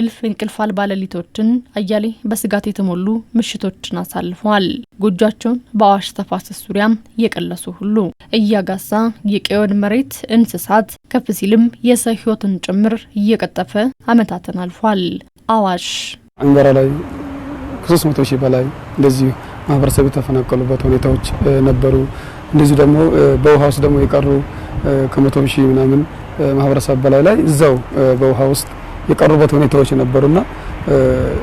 እልፍ እንቅልፍ አልባ ሌሊቶችን አያሌ በስጋት የተሞሉ ምሽቶችን አሳልፈዋል። ጎጇቸውን በአዋሽ ተፋሰስ ዙሪያም የቀለሱ ሁሉ እያጋሳ የቀዮን መሬት እንስሳት ከፍ ሲልም የሰው ሕይወትን ጭምር እየቀጠፈ አመታትን አልፏል። አዋሽ አንገራ ላይ ከሶስት መቶ ሺህ በላይ እንደዚህ ማህበረሰብ የተፈናቀሉበት ሁኔታዎች ነበሩ። እንደዚሁ ደግሞ በውሃ ውስጥ ደግሞ የቀሩ ከመቶ ሺህ ምናምን ማህበረሰብ በላይ ላይ እዛው በውሃ ውስጥ የቀሩበት ሁኔታዎች ነበሩና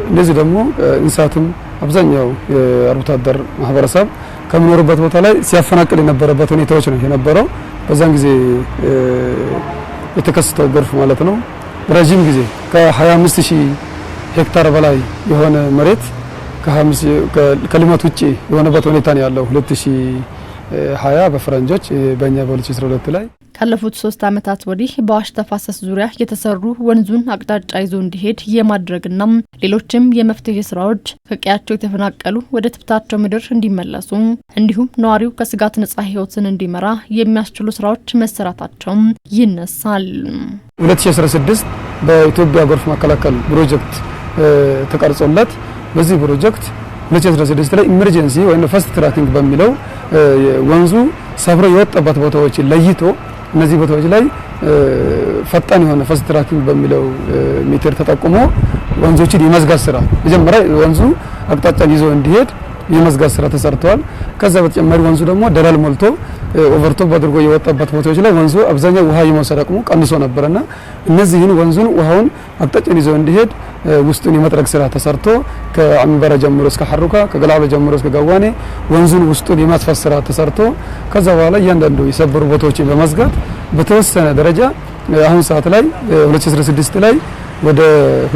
እንደዚህ ደግሞ እንስሳትም አብዛኛው የአርብቶ አደር ማህበረሰብ ከሚኖርበት ቦታ ላይ ሲያፈናቅል የነበረበት ሁኔታዎች ነው የነበረው። በዛን ጊዜ የተከሰተው ጎርፍ ማለት ነው። ረዥም ጊዜ ከ 25000 ሄክታር በላይ የሆነ መሬት ከልማት ውጪ የሆነበት ሁኔታ ነው ያለው 2000 ሀያ በፈረንጆች በእኛ በ ሁለት ላይ ካለፉት ሶስት ዓመታት ወዲህ በአዋሽ ተፋሰስ ዙሪያ የተሰሩ ወንዙን አቅጣጫ ይዞ እንዲሄድ የማድረግና ሌሎችም የመፍትሄ ስራዎች ከቀያቸው የተፈናቀሉ ወደ ትብታቸው ምድር እንዲመለሱ እንዲሁም ነዋሪው ከስጋት ነጻ ህይወትን እንዲመራ የሚያስችሉ ስራዎች መሰራታቸውም ይነሳል። ስድስት በኢትዮጵያ ጎርፍ መከላከል ፕሮጀክት ተቀርጾለት በዚህ ፕሮጀክት 2016 ላይ ኢመርጀንሲ ወይም ፈስት ትራኪንግ በሚለው ወንዙ ሰፍሮ የወጣበት ቦታዎችን ለይቶ እነዚህ ቦታዎች ላይ ፈጣን የሆነ ፈስት ትራኪንግ በሚለው ሜትር ተጠቁሞ ወንዞችን የመዝጋት ስራ መጀመሪያ ወንዙ አቅጣጫን ይዞ እንዲሄድ የመዝጋት ስራ ተሰርተዋል። ከዛ በተጨማሪ ወንዙ ደግሞ ደለል ሞልቶ ኦቨርቶፕ አድርጎ የወጣበት ቦታዎች ላይ ወንዙ አብዛኛው ውሃ የመውሰድ አቅሙ ቀንሶ ነበረና እነዚህን ወንዙን ውሃውን አቅጣጫን ይዞ እንዲሄድ ውስጡን የመጥረግ ስራ ተሰርቶ ከአሚበረ ጀምሮ እስከ ሐሩካ ከገላሎ ጀምሮ እስከ ገዋኔ ወንዙን ውስጡን የማስፈስ ስራ ተሰርቶ ከዛ በኋላ እያንዳንዱ የሰበሩ ቦታዎችን በመዝጋት በተወሰነ ደረጃ አሁን ሰዓት ላይ 2016 ላይ ወደ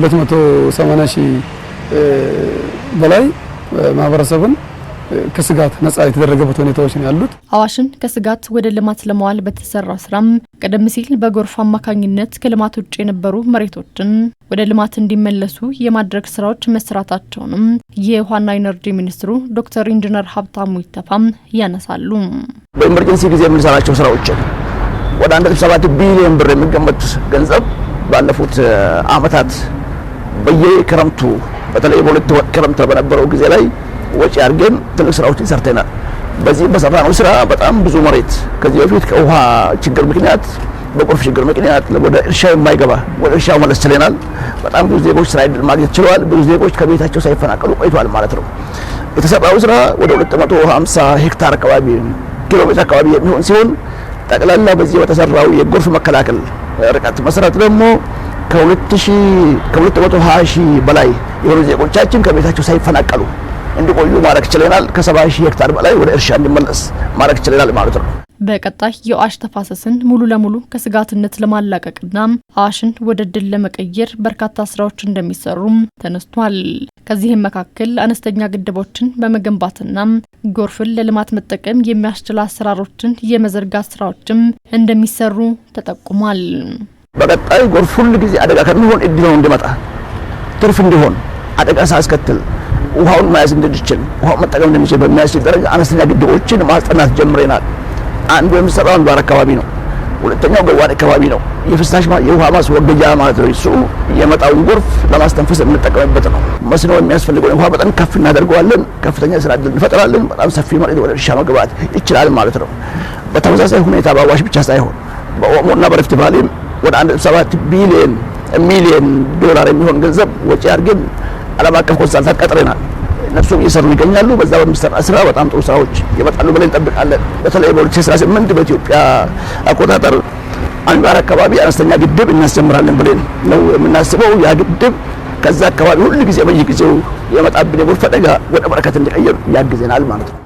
280 ሺህ በላይ ማህበረሰቡን ከስጋት ነጻ የተደረገበት ሁኔታዎች ነው ያሉት። አዋሽን ከስጋት ወደ ልማት ለመዋል በተሰራ ስራም ቀደም ሲል በጎርፍ አማካኝነት ከልማት ውጭ የነበሩ መሬቶችን ወደ ልማት እንዲመለሱ የማድረግ ስራዎች መሰራታቸውንም የውሃና ኢነርጂ ሚኒስትሩ ዶክተር ኢንጂነር ሀብታሙ ይተፋም ያነሳሉ። በኤመርጀንሲ ጊዜ የምንሰራቸው ስራዎችን ወደ 1.7 ቢሊዮን ብር የሚገመት ገንዘብ ባለፉት አመታት በየክረምቱ በተለይ በሁለት ክረምት በነበረው ጊዜ ላይ ወጪ አድርገን ትልቅ ስራዎችን ሰርተናል። በዚህ በሰራነው ስራ በጣም ብዙ መሬት ከዚህ በፊት ከውሃ ችግር ምክንያት በቁርፍ ችግር ምክንያት ወደ እርሻ የማይገባ ወደ እርሻው መለስ ችለናል። በጣም ብዙ ዜጎች ስራ ዕድል ማግኘት ችለዋል። ብዙ ዜጎች ከቤታቸው ሳይፈናቀሉ ቆይተዋል ማለት ነው። የተሰራው ስራ ወደ 250 ሄክታር አካባቢ ኪሎ ሜትር አካባቢ የሚሆን ሲሆን ጠቅላላ በዚህ በተሰራው የጎርፍ መከላከል ርቀት መሰረት ደግሞ ከ220 ሺህ በላይ የሆኑ ዜጎቻችን ከቤታቸው ሳይፈናቀሉ እንዲቆዩ ማድረግ ችለናል። ሺህ ሄክታር በላይ ወደ እርሻ እንዲመለስ ማድረግ ችለናል ማለት ነው። በቀጣይ የአዋሽ ተፋሰስን ሙሉ ለሙሉ ከስጋትነት ለማላቀቅና አዋሽን ወደ ድል ለመቀየር በርካታ ስራዎች እንደሚሰሩም ተነስቷል። ከዚህም መካከል አነስተኛ ግድቦችን በመገንባትና ጎርፍን ለልማት መጠቀም የሚያስችል አሰራሮችን የመዘርጋት ስራዎችም እንደሚሰሩ ተጠቁሟል። በቀጣይ ጎርፍ ሁል ጊዜ አደጋ ከሚሆን እድል ነው እንዲመጣ ትርፍ እንዲሆን አደጋ ሳያስከትል ውሃውን መያዝ እንድንችል ውሃውን መጠቀም እንድንችል በሚያስችል ደረጃ አነስተኛ ግድቦችን ማስጠናት ጀምረናል። አንዱ የሚሰራው አንዷር አካባቢ ነው። ሁለተኛው ገዋኔ አካባቢ ነው። የፍሳሽ የውሃ ማስወገጃ ማለት ነው። እሱ የመጣውን ጎርፍ ለማስተንፈስ የምንጠቀምበት ነው። መስኖ የሚያስፈልገውን ውሃ በጣም ከፍ እናደርገዋለን። ከፍተኛ ስራ እድል እንፈጥራለን። በጣም ሰፊ መሬት ወደ እርሻ መግባት ይችላል ማለት ነው። በተመሳሳይ ሁኔታ በአዋሽ ብቻ ሳይሆን በኦሞና በረፍት ባሌም ወደ አንድ ሰባት ቢሊየን ሚሊየን ዶላር የሚሆን ገንዘብ ወጪ አድርገን ዓለም አቀፍ ኮንሳልታንት ቀጥረናል። እነሱም እየሰሩ ይገኛሉ። በዛ በሚሰራ ስራ በጣም ጥሩ ስራዎች ይመጣሉ ብለን እንጠብቃለን። በተለይ በ2018 በኢትዮጵያ አቆጣጠር አንባር አካባቢ አነስተኛ ግድብ እናስጀምራለን ብለን ነው የምናስበው። ያ ግድብ ከዛ አካባቢ ሁሉ ጊዜ በየጊዜው የመጣብን የጎርፍ አደጋ ወደ በረከት እንዲቀየር ያግዘናል ማለት ነው።